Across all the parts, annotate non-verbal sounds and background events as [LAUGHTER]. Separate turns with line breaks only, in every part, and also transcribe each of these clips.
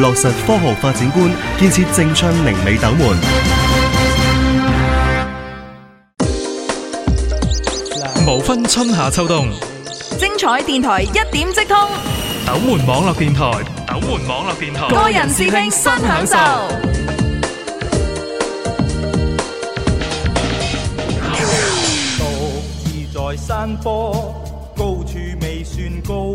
落實科學發展觀，建設正昌寧美斗門，無分春夏秋冬，精彩電台一點即通，斗門網絡電台，斗門網絡電台，個人視聽新享受。
獨自在山坡，高處未算高。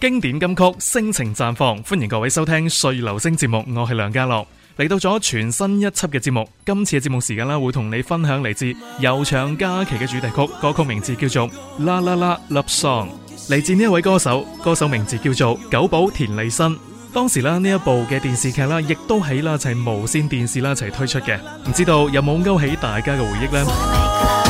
經典金曲《聲情綻放》，歡迎各位收聽歲月留聲節目，我係梁家樂，嚟到咗全新一輯嘅節目，今次嘅節目時間啦，會同你分享嚟自《悠長假期》嘅主題曲，歌曲名字叫做《啦啦啦 Love Song》，嚟自呢一位歌手，歌手名字叫做久保田利伸，當時啦呢一部嘅電視劇啦，亦都喺啦一齊無綫電視啦一齊推出嘅，唔知道有冇勾起大家嘅回憶呢？Oh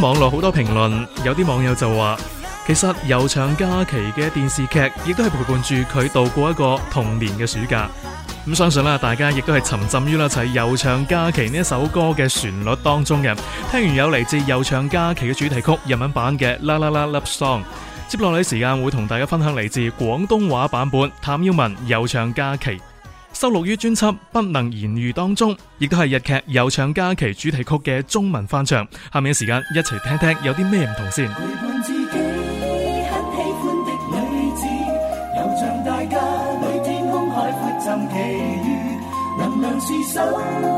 網絡好多評論，有啲網友就話，其實《悠長假期》嘅電視劇亦都係陪伴住佢度過一個童年嘅暑假。咁、嗯、相信啦，大家亦都係沉浸於啦齊《悠長假期》呢一首歌嘅旋律當中嘅。聽完有嚟自《悠長假期》嘅主題曲日文版嘅 La La La Love Song，接落嚟時間會同大家分享嚟自廣東話版本譚耀文《悠長假期》。收錄於專輯《不能言喻》當中，亦都係日劇《悠長假期》主題曲嘅中文翻唱。下面嘅時間，一齊聽聽有啲咩唔同先。 [MUSIC]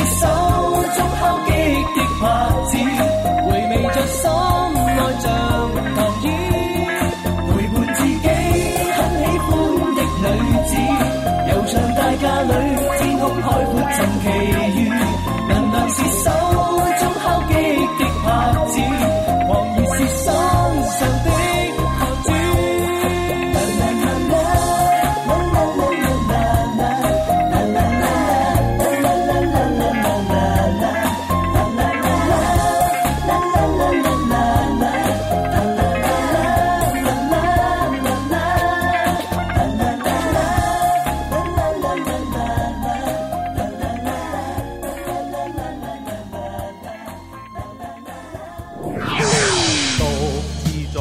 手中敲擊的拍子，回味着心愛像糖衣，陪伴自己很喜歡的女子，悠長大架裏，天空海闊盡奇。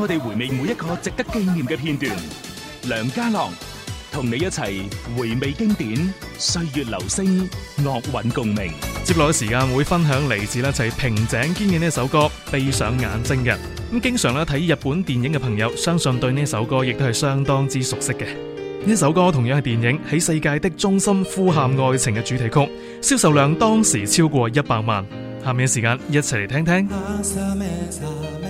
我哋回味每一個值得紀念嘅片段，梁家樂同你一齊回味經典歲月留聲，樂韻共鳴。接落嘅時間會分享嚟自咧就平井堅嘅呢首歌《閉上眼睛》嘅。咁經常咧睇日本電影嘅朋友，相信對呢首歌亦都係相當之熟悉嘅。呢首歌同樣係電影《喺世界的中心呼喊愛情》嘅主題曲，銷售量當時超過一百萬。下面嘅時間一齊嚟聽聽。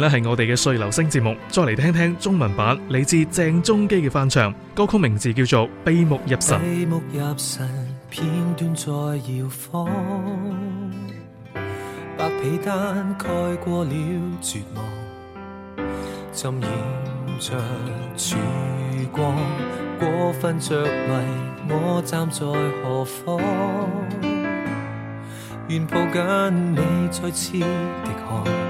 呢係我哋嘅碎流星節目，再嚟聽聽中文版。嚟自鄭中基嘅翻唱歌曲，名字叫做《閉目入神》。《
閉目入神》片段在搖晃，白被單蓋過了絕望，浸染着曙光，過分着迷。我站在何方？願抱緊你的，再次離開。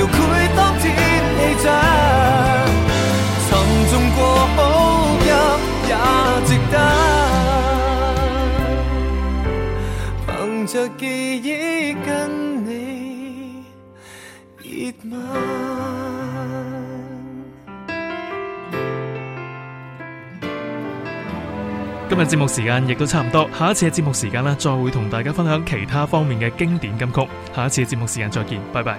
遼闊當天氣真沉重過哭泣也值得，憑着記憶跟你熱吻。
今日節目時間亦都差唔多，下一次嘅節目時間啦，再會同大家分享其他方面嘅經典金曲。下一次嘅節目時間再見，拜拜。